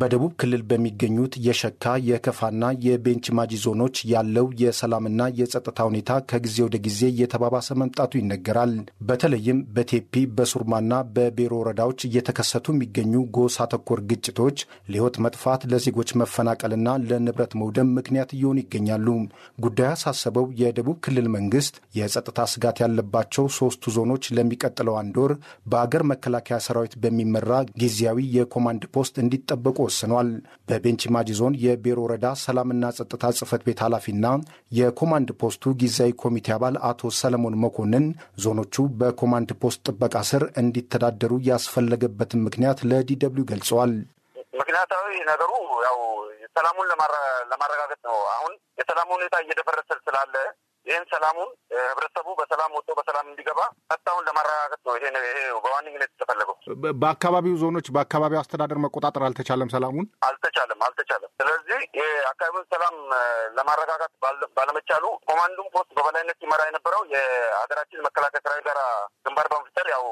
በደቡብ ክልል በሚገኙት የሸካ የከፋና የቤንች ማጂ ዞኖች ያለው የሰላምና የጸጥታ ሁኔታ ከጊዜ ወደ ጊዜ እየተባባሰ መምጣቱ ይነገራል። በተለይም በቴፒ በሱርማና በቤሮ ወረዳዎች እየተከሰቱ የሚገኙ ጎሳ ተኮር ግጭቶች ለሕይወት መጥፋት ለዜጎች መፈናቀልና ለንብረት መውደም ምክንያት እየሆኑ ይገኛሉ። ጉዳዩ ያሳሰበው የደቡብ ክልል መንግስት የጸጥታ ስጋት ያለባቸው ሶስቱ ዞኖች ለሚቀጥለው አንድ ወር በአገር መከላከያ ሰራዊት በሚመራ ጊዜያዊ የኮማንድ ፖስት እንዲጠበቁ ወስኗል። በቤንች ማጂ ዞን የቤሮ ወረዳ ሰላምና ጸጥታ ጽህፈት ቤት ኃላፊና የኮማንድ ፖስቱ ጊዜያዊ ኮሚቴ አባል አቶ ሰለሞን መኮንን ዞኖቹ በኮማንድ ፖስት ጥበቃ ስር እንዲተዳደሩ ያስፈለገበትን ምክንያት ለዲደብሊው ገልጸዋል። ምክንያታዊ ነገሩ ያው ሰላሙን ለማረጋገጥ ነው። አሁን የሰላሙ ሁኔታ እየደፈረሰ ስላለ ይህን ሰላሙን ህብረተሰቡ በሰላም ወጥቶ በሰላም እንዲገባ ጸጥታውን ለማረጋገጥ ነው። ይሄ በዋነኝነት የተፈለገው በአካባቢው ዞኖች በአካባቢው አስተዳደር መቆጣጠር አልተቻለም። ሰላሙን አልተቻለም አልተቻለም። ስለዚህ የአካባቢውን ሰላም ለማረጋጋት ባለመቻሉ ኮማንዱም ፖስት በበላይነት ይመራ የነበረው የሀገራችን መከላከያ ሰራዊት ጋር ግንባር በመፍጠር ያው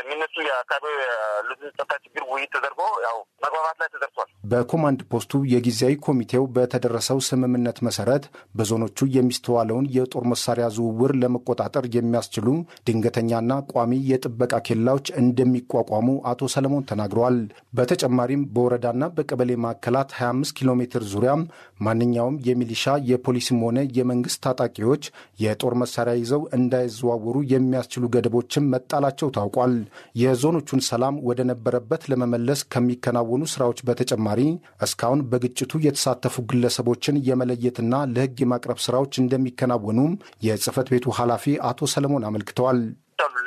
የሚነሱ የአካባቢ ያሉትን ጸጥታ ችግር ውይይት ተደርጎ ያው መግባባት ላይ ተደርሷል። በኮማንድ ፖስቱ የጊዜያዊ ኮሚቴው በተደረሰው ስምምነት መሰረት በዞኖቹ የሚስተዋለውን የጦር መሳሪያ ዝውውር ለመቆጣጠር የሚያስችሉ ድንገተኛና ቋሚ የጥበቃ ኬላዎች እንደሚቋቋሙ አቶ ሰለሞን ተናግረዋል። በተጨማሪም በወረዳና በቀበሌ ማዕከላት 25 ኪሎ ሜትር ዙሪያም ማንኛውም የሚሊሻ የፖሊስም ሆነ የመንግስት ታጣቂዎች የጦር መሳሪያ ይዘው እንዳይዘዋወሩ የሚያስችሉ ገደቦችም መጣላቸው ታውቋል። ገልጸዋል። የዞኖቹን ሰላም ወደ ነበረበት ለመመለስ ከሚከናወኑ ስራዎች በተጨማሪ እስካሁን በግጭቱ የተሳተፉ ግለሰቦችን የመለየትና ለህግ የማቅረብ ስራዎች እንደሚከናወኑም የጽህፈት ቤቱ ኃላፊ አቶ ሰለሞን አመልክተዋል።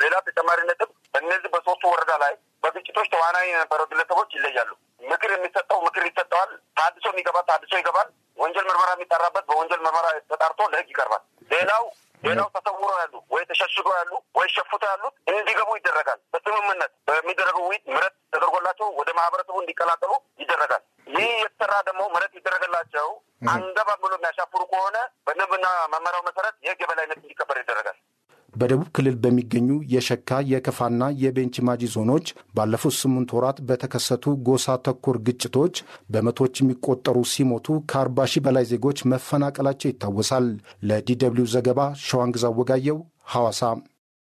ሌላ ተጨማሪ ነጥብ እነዚህ በሶስቱ ወረዳ ላይ በግጭቶች ተዋናይ የነበረ ግለሰቦች ይለያሉ። ምክር የሚሰጠው ምክር ይሰጠዋል። ታድሶ የሚገባ ታድሶ ይገባል። ወንጀል ምርመራ የሚጠራበት በወንጀል ምርመራ ተጣርቶ ለህግ ይቀርባል። ሌላው ሌላው ተሰውሮ ያሉ ወይ ተሸሽጎ ያሉ ወይ ሸፍቶ ያሉት እንዲገቡ ይደረጋል። በስምምነት በሚደረገው ውይይት ምረት ተደርጎላቸው ወደ ማህበረሰቡ እንዲቀላቀሉ ይደረጋል። ይህ የተሰራ ደግሞ ምረት ይደረገላቸው አንገባ ብሎ የሚያሻፍሩ ከሆነ በንብና መመሪያው መሰረት የህግ የበላይነት እንዲከበር ይደረጋል። በደቡብ ክልል በሚገኙ የሸካ የከፋና የቤንች ማጂ ዞኖች ባለፉት ስምንት ወራት በተከሰቱ ጎሳ ተኮር ግጭቶች በመቶዎች የሚቆጠሩ ሲሞቱ ከአርባ ሺህ በላይ ዜጎች መፈናቀላቸው ይታወሳል። ለዲ ዘገባ ሸዋንግዛ ወጋየው ሐዋሳ